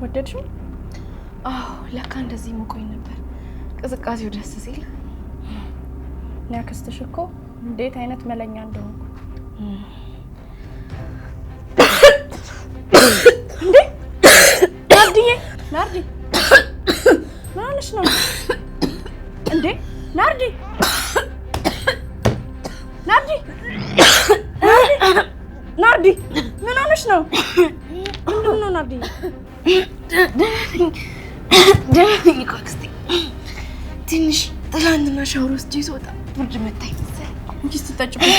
ወደድሽ? አዎ፣ ለካ እንደዚህ ሞቆኝ ነበር። ቅዝቃዜው ደስ ሲል ያክስትሽ እኮ እንዴት አይነት መለኛ እንደሆንኩ እንዴ! ናርዲዬ፣ ናርዲ፣ ምን ሆነሽ ነው እንዴ ናርዲ? such a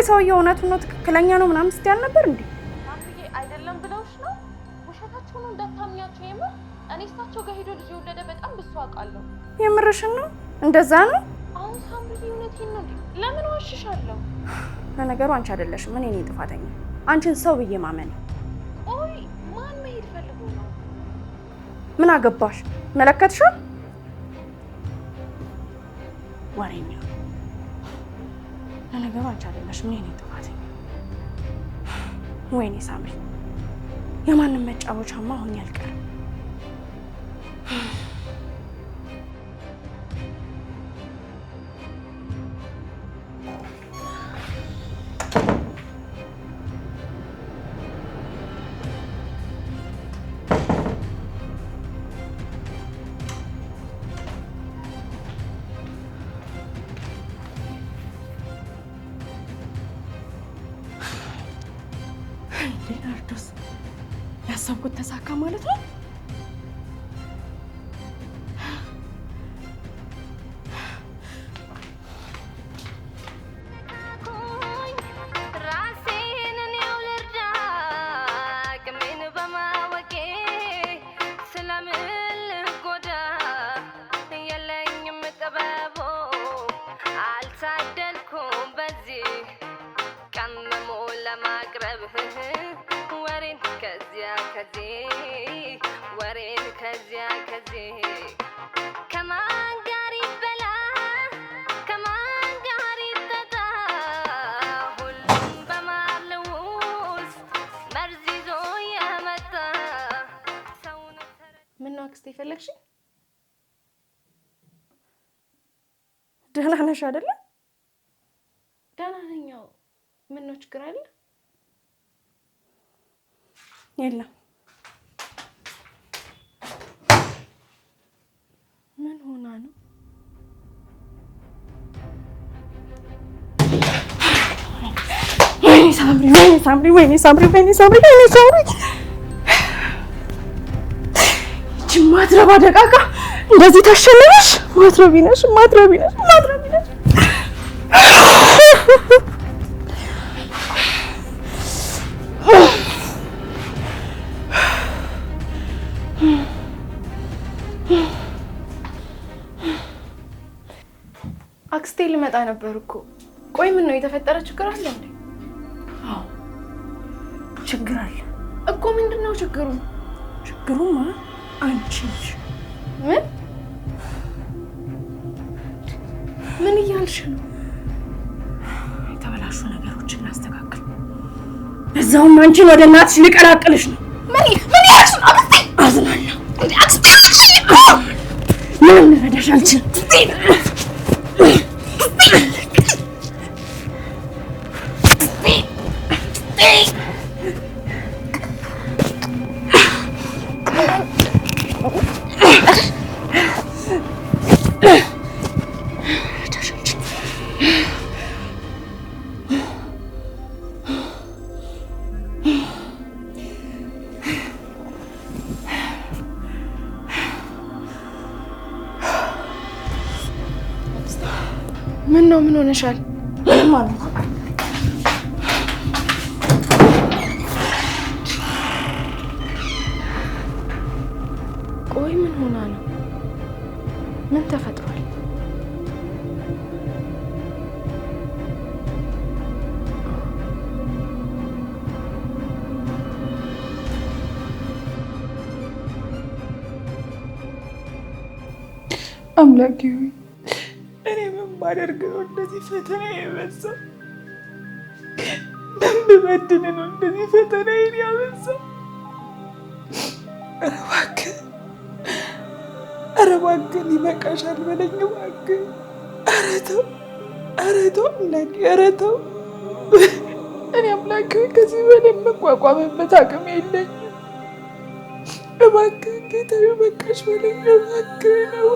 ቆይ ሰውዬው እውነቱ ነው ትክክለኛ ነው ምናምን ስትይ አልነበር እንዴ? አይደለም ብለውሽ ነው ውሸታቸው እንዳታምኛቸው። የምር እኔ እሳቸው ጋር ሄዶ ልጅ የወለደ በጣም ብሱ አውቃለሁ። የምርሽን ነው? እንደዛ ነው። አሁን ሳምሪ እውነቴን ነው። ለምን ዋሽሻለሁ? ለነገሩ አንቺ አይደለሽም እኔ ነኝ ጥፋተኛ። አንቺን ሰው ብዬ ማመን ምን አገባሽ? ወሬኛ ለነገሩ አንቺ አይደለሽም፣ እኔ ነኝ ጥፋተኛ። ወይኔ ሳምሪ፣ የማንም መጫወቻማ አሁን ያልቀርም። ያሰብኩት ተሳካ ማለት ነው። አደረግሽ? ደህና ነሽ አይደለ? ደህና ነኝ። ምን ነው ችግር አለ? የለም። ምን ሆና ነው? ወይኔ ሳምሪ፣ ወይኔ ሳምሪ፣ ወይኔ ሳምሪ፣ ወይኔ ሳምሪ፣ ወይኔ ሳምሪ ማትረብ አደቃቃ እንደዚህ ታሸነፈሽ? ማትረቢ ነሽ፣ ማትረቢ ነሽ፣ ማትረቢ ነሽ። አክስቴ ልመጣ ነበር እኮ። ቆይ ምን ነው የተፈጠረ? ችግር አለ እንዴ? ችግር አለ እኮ። ምንድን ነው ችግሩ? ችግሩማ አንቺ ምን ምን እያልሽ ነው? የተበላሹ ነገሮችን እናስተካክል። በዛውም አንቺን ወደ እናትሽ ነው። ምን ምን ያልሽ ነው? ልረዳሽ አምላኬ ሆይ እኔ ምን ባደርግ ነው እንደዚህ ፈተና የበዛው? ምን ብበድል ነው እንደዚህ ፈተናዬን ያበዛው? ኧረ እባክህ፣ ኧረ እባክህ ይበቃሻል በለኝ እባክህ። ኧረ ተው፣ ኧረ ተው አምላኬ፣ ኧረ ተው። እኔ አምላኬ ሆይ ከዚህ በላይ የምቋቋምበት አቅም የለኝም። እባክህ ጌታዬ፣ በቃሽ በለኝ እባክህ ነው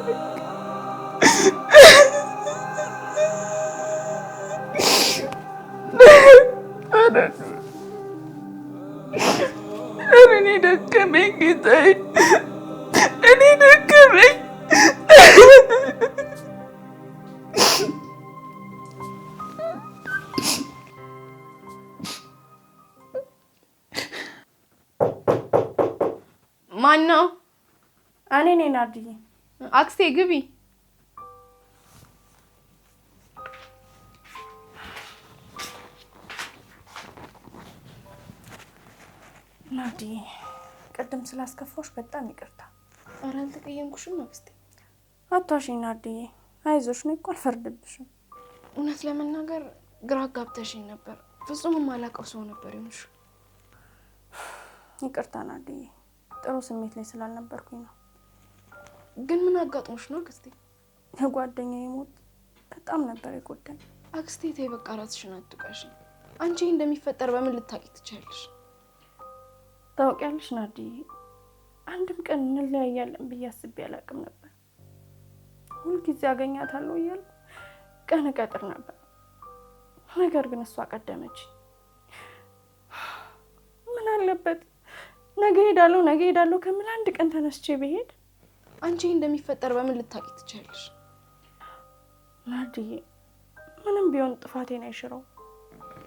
እኔ ደከመኝ ማን ነው? እኔ ነኝ ናርድዬ። አክስቴ ግቢ ናዲ ቅድም ስላስከፋሽ በጣም ይቅርታ። ኧረ አልተቀየምኩሽም አክስቴ። አታሽኝ ናዲዬ፣ አይዞሽ እኔ እኮ አልፈርድብሽም። እውነት ለመናገር ግራ ጋብተሽኝ ነበር። ፍጹም የማላውቀው ሰው ነበር ይሆንሽ። ይቅርታ ናዲዬ፣ ጥሩ ስሜት ላይ ስላልነበርኩኝ ነው። ግን ምን አጋጥሞሽ ነው አክስቴ? የጓደኛዬ ሞት በጣም ነበር የጎዳኝ። አክስቴ ተይ በቃ፣ ራስሽን አንቺ እንደሚፈጠር በምን ልታቂ ትችያለሽ? ታውቂያለሽ ናዲ፣ አንድም ቀን እንለያያለን ብዬ አስቤ አላውቅም ነበር። ሁልጊዜ አገኛታለሁ እያልኩ ቀን እቀጥር ነበር። ነገር ግን እሷ ቀደመች። ምን አለበት ነገ ሄዳለሁ ነገ ሄዳለሁ ከምን አንድ ቀን ተነስቼ ብሄድ። አንቺ እንደሚፈጠር በምን ልታቂ ትችላለሽ? ናርድዬ፣ ምንም ቢሆን ጥፋቴን አይሽረው።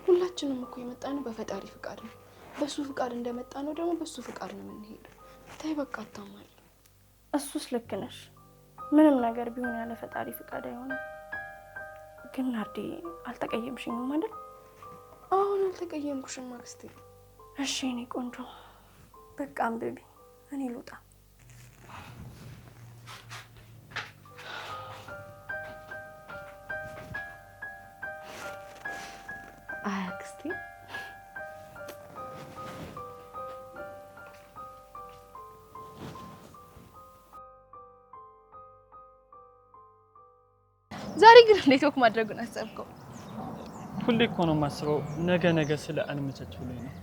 ሁላችንም እኮ የመጣነው በፈጣሪ ፍቃድ ነው። በሱ ፍቃድ እንደመጣ ነው ደግሞ በሱ ፍቃድ ነው የምንሄደው። ተይ በቃ አታማሪ። እሱስ ልክ ነሽ። ምንም ነገር ቢሆን ያለ ፈጣሪ ፍቃድ አይሆንም። ግን ናርዲ አልተቀየምሽኝም አይደል? አሁን አልተቀየምኩሽም አክስቴ። እሺ እኔ ቆንጆ በቃ አንብቢ። እኔ ልውጣ እንዴት ማድረጉን አሰብከው? ሁሌ እኮ ነው የማስበው ነገ ነገ ስለ አልመቻች ብሎኝ ነው።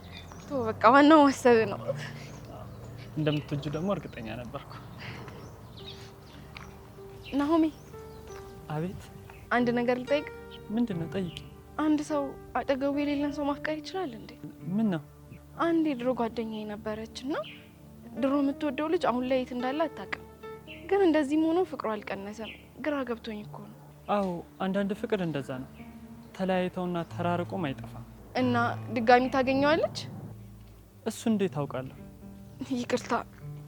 ቶ በቃ ዋናው ማሰብ ነው። እንደምትወጁ ደግሞ እርግጠኛ ነበርኩ። ናሆሚ። አቤት። አንድ ነገር ልጠይቅ። ምንድን ነው? ጠይቅ። አንድ ሰው አጠገቡ የሌለን ሰው ማፍቀር ይችላል እንዴ? ምን ነው? አንድ የድሮ ጓደኛ የነበረች እና ድሮ የምትወደው ልጅ አሁን ላይ የት እንዳለ አታውቅም። ግን እንደዚህም ሆኖ ፍቅሩ አልቀነሰም። ግራ ገብቶኝ እኮ ነው አዎ አንዳንድ ፍቅር እንደዛ ነው። ተለያይተውና ተራርቆም አይጠፋም። እና ድጋሚ ታገኘዋለች? እሱ እንዴት ታውቃለሁ? ይቅርታ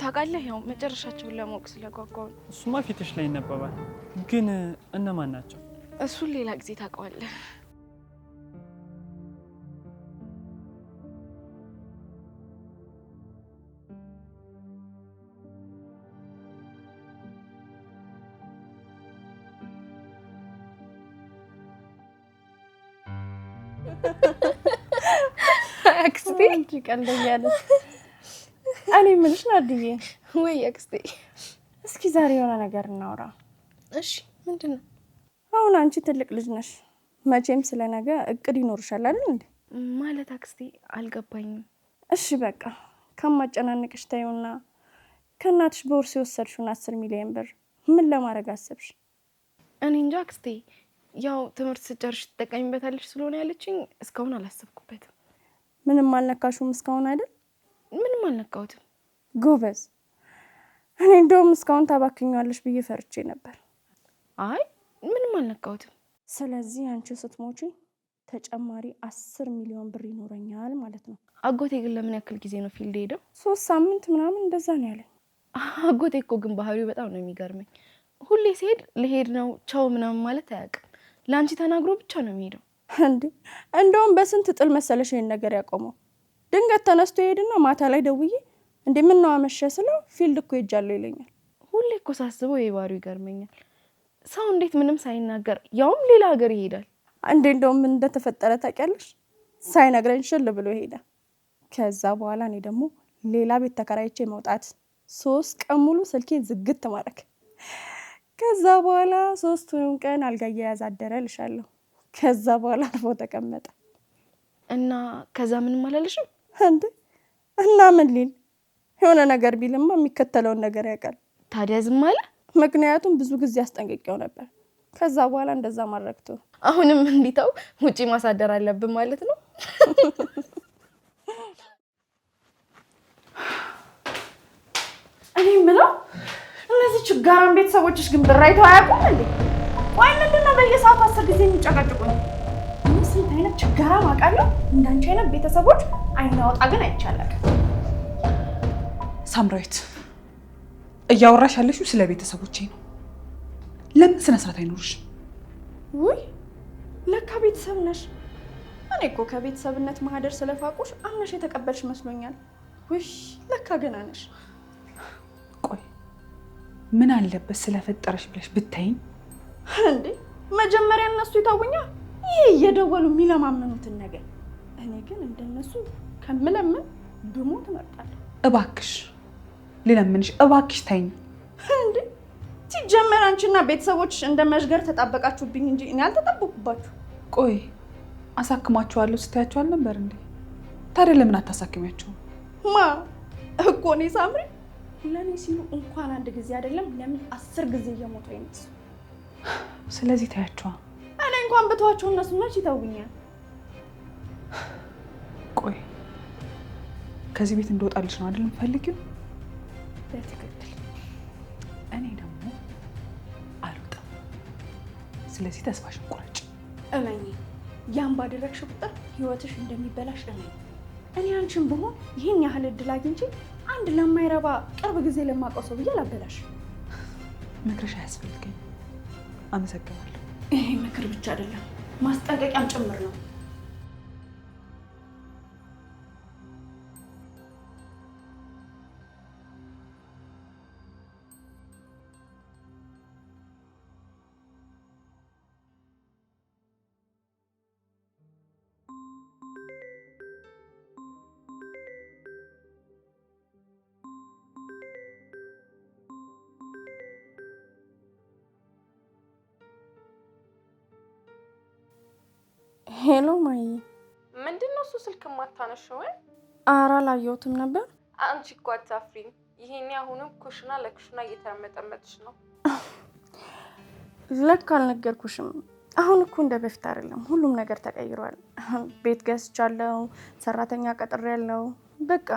ታውቃለህ፣ ያው መጨረሻቸውን ለማወቅ ስለጓጓው ነው። እሱማ ፊትሽ ላይ ይነበባል። ግን እነማን ናቸው? እሱን ሌላ ጊዜ ታውቀዋለህ። አክስቴ እንጂ ቀልደኛለች። እኔ የምልሽ ናድዬ፣ ወይ አክስቴ፣ እስኪ ዛሬ የሆነ ነገር እናውራ። እሺ፣ ምንድን ነው? አሁን አንቺ ትልቅ ልጅ ነሽ፣ መቼም ስለ ነገ እቅድ ይኖርሻል አይደል እንዴ? ማለት አክስቴ፣ አልገባኝም። እሺ በቃ ከማጨናነቅሽ ተይውና ከእናትሽ በውርስ የወሰድሽውን አስር ሚሊዮን ብር ምን ለማድረግ አሰብሽ? እኔ እንጃ አክስቴ ያው ትምህርት ስጨርሽ ትጠቀሚበታለሽ ስለሆነ ያለችኝ እስካሁን አላሰብኩበትም። ምንም አልነካሹም እስካሁን አይደል? ምንም አልነካሁትም። ጎበዝ። እኔ እንደውም እስካሁን ታባክኛለሽ ብዬ ፈርቼ ነበር። አይ ምንም አልነካሁትም። ስለዚህ አንቺ ስትሞቺ ተጨማሪ አስር ሚሊዮን ብር ይኖረኛል ማለት ነው። አጎቴ ግን ለምን ያክል ጊዜ ነው ፊልድ ሄደው? ሶስት ሳምንት ምናምን እንደዛ ነው ያለኝ። አጎቴ እኮ ግን ባህሪው በጣም ነው የሚገርመኝ። ሁሌ ሲሄድ ልሄድ ነው ቻው ምናምን ማለት አያውቅም። ለአንቺ ተናግሮ ብቻ ነው የሚሄደው። እንዴ እንደውም በስንት ጥል መሰለሽ ይሄን ነገር ያቆመው። ድንገት ተነስቶ ይሄድና ማታ ላይ ደውዬ እንዴ አመሸ ስለው ፊልድ እኮ ሄጃለሁ ይለኛል። ሁሌ እኮ ሳስበው የባህሪው ይገርመኛል። ሰው እንዴት ምንም ሳይናገር ያውም ሌላ ሀገር ይሄዳል። እንዴ እንደውም ምን እንደተፈጠረ ታውቂያለሽ? ሳይነግረኝ ሽል ብሎ ይሄዳል። ከዛ በኋላ እኔ ደግሞ ሌላ ቤት ተከራይቼ መውጣት፣ ሶስት ቀን ሙሉ ስልኬን ዝግት ማድረግ ከዛ በኋላ ሶስቱንም ቀን አልጋ እየያዘ አደረ እልሻለሁ። ከዛ በኋላ አርፎ ተቀመጠ እና ከዛ ምንም አላለሽም እንዴ? እና ምን ሊል የሆነ ነገር ቢልማ የሚከተለውን ነገር ያውቃል። ታዲያ ዝም አለ። ምክንያቱም ብዙ ጊዜ አስጠንቅቄው ነበር። ከዛ በኋላ እንደዛ ማድረግቶ አሁንም እንዲተው ውጪ ማሳደር አለብን ማለት ነው። እኔ ምለው እነዚህ ችጋራን ቤተሰቦችሽ ግን ብር አይተው አያውቁም እንዴ? ቆይ ምንድን በየሰዓቱ አስር ጊዜ የሚጨቀጭቁኝ? እኔ ስንት አይነት ችጋራ አውቃለሁ። እንዳንቺ አይነት ቤተሰቦች አይናወጣ ግን አይቻለም። ሳምራዊት እያወራሽ ያለሽው ስለ ቤተሰቦቼ ነው። ለምን ስነ ስርዓት አይኖርሽ? ውይ ለካ ቤተሰብ ነሽ። እኔ እኮ ከቤተሰብነት ማህደር ስለፋቁሽ አምነሽ የተቀበልሽ መስሎኛል። ውይ ለካ ገና ነሽ። ምን አለበት ስለፈጠረሽ ብለሽ ብታይኝ። እንዴ መጀመሪያ እነሱ ይታወኛል ይህ እየደወሉ የሚለማመኑትን ነገር። እኔ ግን እንደነሱ ከምለምን ብሞት እመርጣለሁ። እባክሽ ልለምንሽ፣ እባክሽ ታይኝ። እንዴ ሲጀመር አንቺና ቤተሰቦችሽ እንደ መዥገር ተጣበቃችሁብኝ እንጂ እኔ አልተጠበኩባችሁ። ቆይ አሳክማችኋለሁ ስታያቸው አልነበር እንዴ? ታዲያ ለምን አታሳክሚያቸውም? ማ እኮ እኔ ሳምሪ ለእኔ ሲሉ እንኳን አንድ ጊዜ አይደለም ለምን አስር ጊዜ እየሞቱ አይነት ስለዚህ ታያቸዋ። እኔ እንኳን ብተዋቸው እነሱ መች ይተውኛል። ቆይ ከዚህ ቤት እንደወጣልሽ ነው አይደለም ፈልጊው። በትክክል እኔ ደግሞ አልወጣም። ስለዚህ ተስፋሽን ቁረጭ። እመኝ ያን ባደረግሽ ቁጥር ህይወትሽ እንደሚበላሽ እመኝ። እኔ አንቺን ብሆን ይህን ያህል እድል አግኝቼ አንድ ለማይረባ ቅርብ ጊዜ ለማውቀው ሰው ብዬ አላበላሽ። ምክርሽ አያስፈልገኝ። አመሰግናለሁ። ይሄ ምክር ብቻ አይደለም ማስጠንቀቂያም ጭምር ነው። ሄሎ ማዬ፣ ምንድን ነው እሱ ስልክ የማታነሺው? አራ አላየሁትም ነበር። አንቺ እኮ አታፍሪም። ይሄኔ አሁንም ኩሽና ለኩሽና እየተመጠመጥሽ ነው። ለካ አልነገርኩሽም። አሁን እኮ እንደ በፊት አይደለም፣ ሁሉም ነገር ተቀይሯል። ቤት ገዝቻለሁ፣ ሰራተኛ ቀጥሬያለሁ። በቃ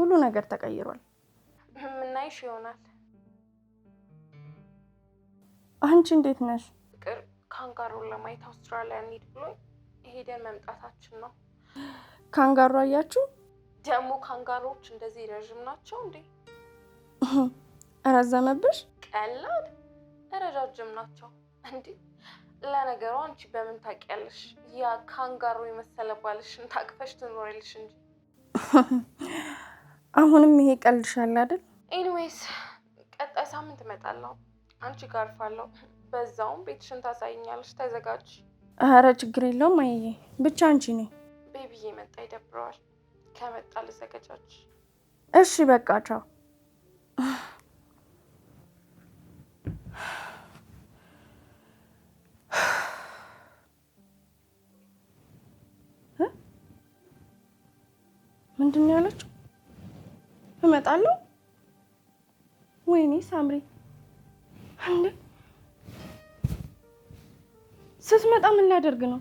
ሁሉ ነገር ተቀይሯል። ምናይሽ ይሆናል። አንቺ እንዴት ነሽ? ፍቅር ካንጋሮን ለማየት አውስትራሊያ እንሂድ ብሎኝ ሄደን መምጣታችን ነው። ካንጋሮ አያችሁ ደግሞ ካንጋሮዎች እንደዚህ ረዥም ናቸው እንዴ? ረዘመብሽ? ቀላል ረጃጅም ናቸው እንዴ? ለነገሩ አንቺ በምን ታውቂያለሽ? ያ ካንጋሮ የመሰለ ባልሽን ታቅፈሽ ትኖሪልሽ እንጂ አሁንም ይሄ ቀልድሻል አይደል? ኤኒዌይስ ቀጣይ ሳምንት እመጣለሁ። አንቺ ጋር አርፋለሁ። በዛውም ቤትሽን ታሳይኛለሽ። ተዘጋጅ። አረ ችግር የለውም ማየ ብቻ አንቺ ነኝ። ቤቢዬ መጣ ይደብረዋል። ከመጣ ልዘገጃች። እሺ በቃ ቻው። ምንድን ነው ያለችው? እመጣለሁ። ወይኔ ሳምሪ እንዴ! ስትመጣ ምን ላደርግ ነው?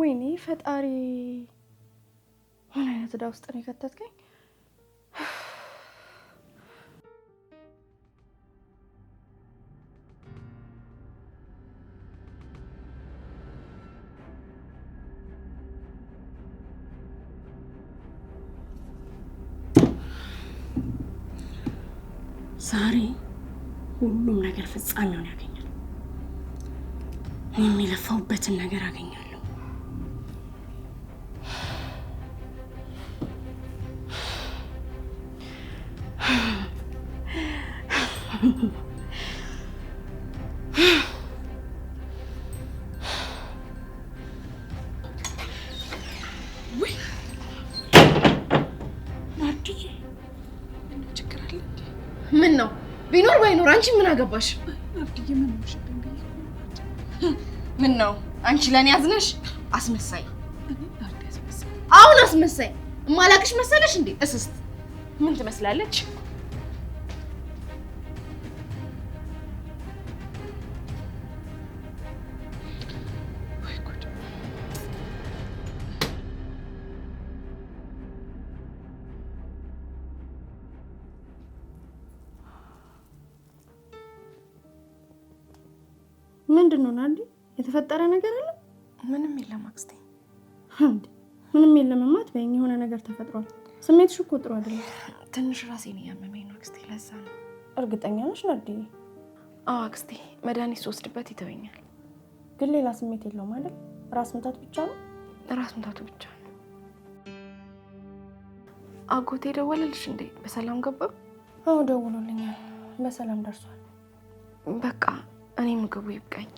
ወይኔ ፈጣሪ፣ ምን አይነት ዕዳ ውስጥ ነው የከተትከኝ? ዛሬ ሁሉም ነገር ፍጻሜውን ያገኛል። እኔም የለፋሁበትን ነገር አገኛለሁ። ምን ነው ቢኖር ባይኖር አንቺ ምን አገባሽ? ምን ነው አንቺ ለእኔ ያዝነሽ? አስመሳይ አሁን አስመሳይ እማላቅሽ መሰለሽ እንዴ? እስስት ምን ትመስላለች? ምንድን ነው ናንዴ የተፈጠረ ነገር አለ? ምንም የለም አክስቴ። ምንም ማት በይኝ። የሆነ ነገር ተፈጥሯል። ስሜትሽ እኮ ጥሩ አይደለም። ትንሽ ራሴን እያመመኝ ነው አክስቴ። ለዛ ነው። እርግጠኛ ነሽ ናርዲዬ? አዎ አክስቴ፣ መድኃኒት ስወስድበት ይተወኛል። ግን ሌላ ስሜት የለውም አይደል? ራስ ምታት ብቻ ነው። ራስ ምታቱ ብቻ ነው። አጎቴ ደወለልሽ እንዴ? በሰላም ገባ? አዎ ደውሎልኛል። በሰላም ደርሷል። በቃ እኔ ምግቡ ይብቃኝ።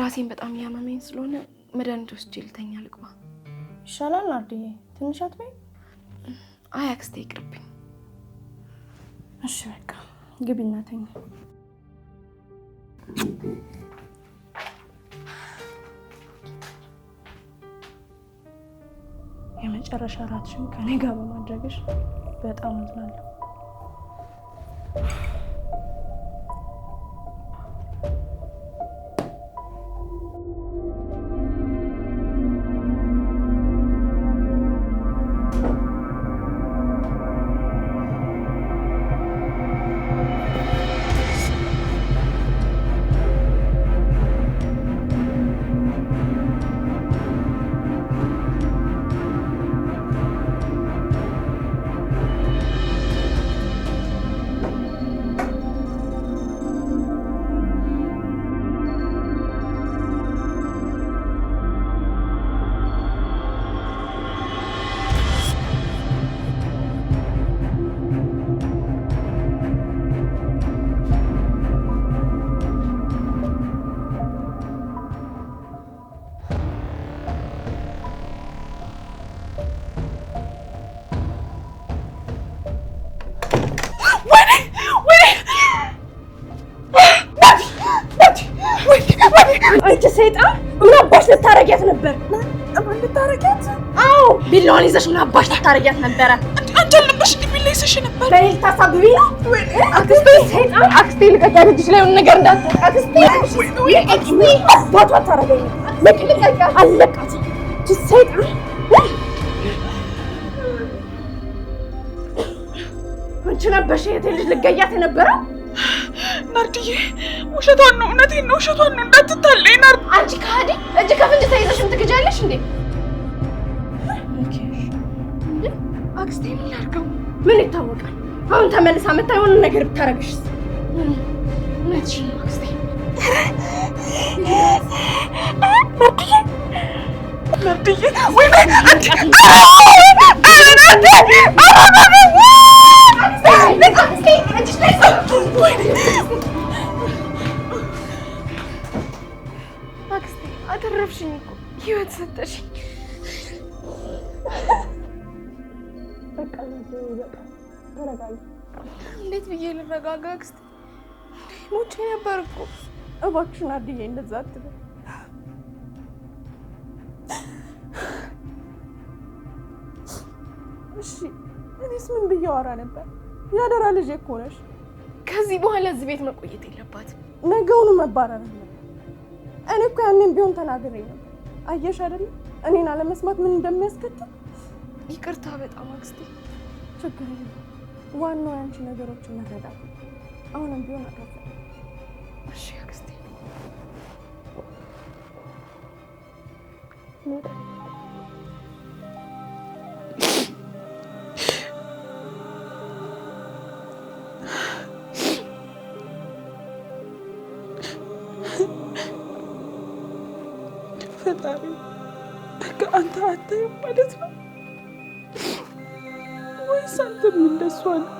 ራሴን በጣም እያመመኝ ስለሆነ መድኃኒት ወስጄ ልተኛ ልግባ። ይሻላል አርድዬ፣ ትንሽ አትበይም? አይ አክስቴ ይቅርብኝ። እሺ በቃ ግቢ የመጨረሻ እራትሽን ከኔ ጋር በማድረግሽ በጣም አዝናለሁ። ቢላዋን ይዘሽ ምን አባሽ ታታረጊያት ነበረ? አንቺ ይዘሽ ነበር። ታሳብቢ ላይ ነገር አባቷ ሰይጣን ነበርሽ የእህቴ ልጅ ልገያት የነበረ ናርድዬ ውሸቷን ነው። እውነቴን ነው። ውሸቷን ነው። እንዳትታለይ ናርድ። አንቺ ከሃዲ እጅ ከፍንጅ ተይዘሽ የምትገጃለሽ እንዴ? አክስቴ ምን ምን ይታወቃል? አሁን ተመልሳ መታ የሆነ ነገር ብታረግሽስ? አተረፍሽኝ እኮ ህይወት ሰጠሽኝ። እንዴት ብዬ ልረጋጋ? አክስቴ ሞቼ ነበር እኮ። እባክሽን አድዬ እንደዛ አትበል። እሺ እኔስ ምን ብዬ አወራ ነበር? ያደራ ልጅ እኮ ነሽ። ከዚህ በኋላ እዚህ ቤት መቆየት የለባትም። ነገውኑ መባረር ነበር። እኔ እኮ ያኔም ቢሆን ተናግሬ ነበር። አየሽ አይደለም እኔን አለመስማት ምን እንደሚያስከትል። ይቅርታ በጣም አክስቴ ችግር የለም። ዋናው የአንቺ ነገሮችን መረዳት አሁንም ቢሆን አካፈ እሺ አክስቴ ፈጣሪ በቃ አንተ ማለት ነው። ሳንተም እንደሷ ነው።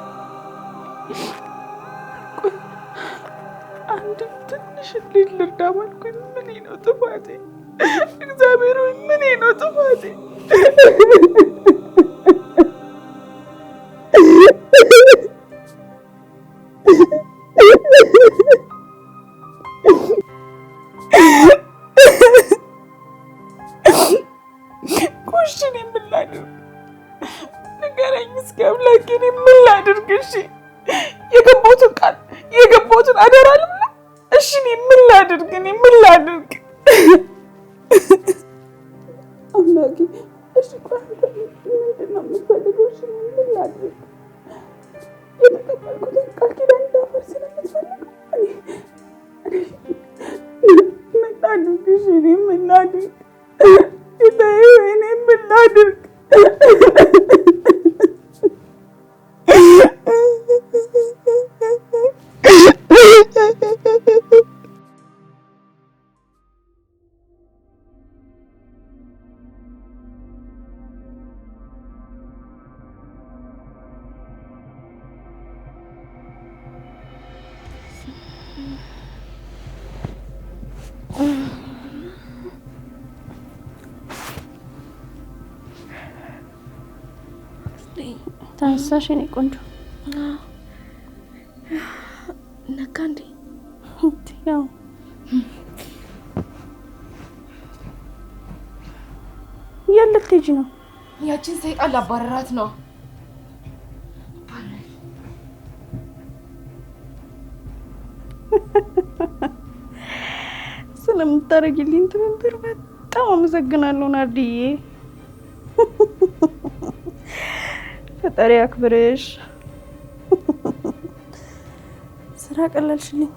አንድ ትንሽ ልጅ ልርዳ ባልኩኝ ምን ነው ጥፋቴ? እግዚአብሔር ምን ነው ጥፋቴ? እኔ ምን ላድርግ? እሺ የገባሁትን ቃል የገባሁትን አደራ ልብላ። እሺ እኔ ምን ላድርግ? እኔ ምን ላድርግ? አምላኬ ተነሳሽ የኔ ቆንጆ። ነጋ እንዴ? ያው የት ልትሄጂ ነው? ያችን ሰይጣን ላባረራት ነው። ስለምታደርጊልኝ ትብብር በጣም አመሰግናለሁ ናርዲዬ። ፈጣሪ ያክብርሽ። ስራ ቀለልሽልኝ።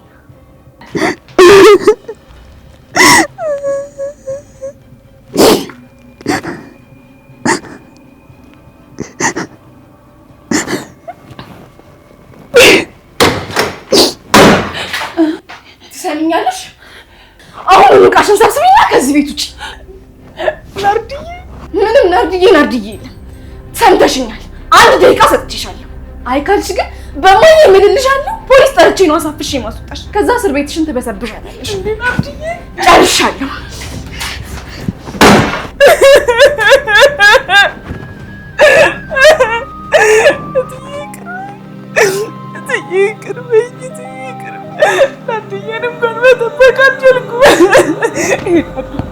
ካልሽ ግን በማን የምልልሻለሁ? ፖሊስ ጠርቼ ነው አሳፍሽ የማስወጣሽ። ከዛ እስር ቤትሽን ትበሰብሻለሽ። ጨርሻለሁ። ይቅርበኝ።